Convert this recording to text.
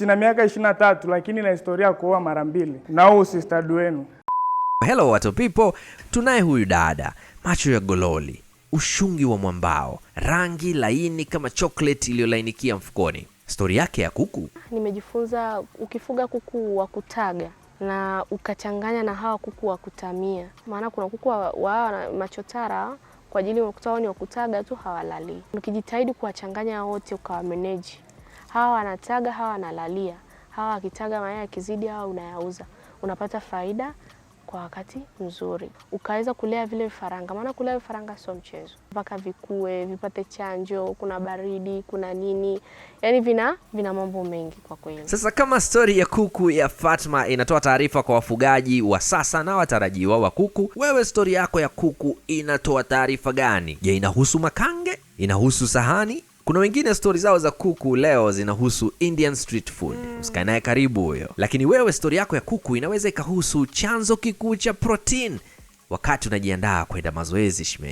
Sina miaka 23 lakini na historia ya kuoa mara mbili, na huu si wenu. Hello watu people, tunaye huyu dada, macho ya gololi, ushungi wa mwambao, rangi laini kama chocolate iliyolainikia mfukoni. Stori yake ya kuku, nimejifunza ukifuga kuku wa kutaga na ukachanganya na hawa kuku wa kutamia, maana kuna kuku wa, wa machotara kwa ajili ya kutoa ni wa kutaga tu, hawalali. Ukijitahidi kuwachanganya wote ukawa manage hawa wanataga, hawa wanalalia, hawa akitaga mayai akizidi, hawa unayauza, unapata faida kwa wakati mzuri, ukaweza kulea vile vifaranga, maana kulea vifaranga sio mchezo, mpaka vikue, vipate chanjo, kuna baridi, kuna nini, yani vina vina mambo mengi kwa kweli. Sasa kama stori ya kuku ya Fatma inatoa taarifa kwa wafugaji wa sasa na watarajiwa wa kuku, wewe stori yako ya kuku inatoa taarifa gani? Je, inahusu makange? Inahusu sahani kuna wengine stori zao za kuku leo zinahusu Indian street food, usikae naye karibu huyo. Lakini wewe stori yako ya kuku inaweza ikahusu chanzo kikuu cha protein wakati unajiandaa kwenda mazoezi shime.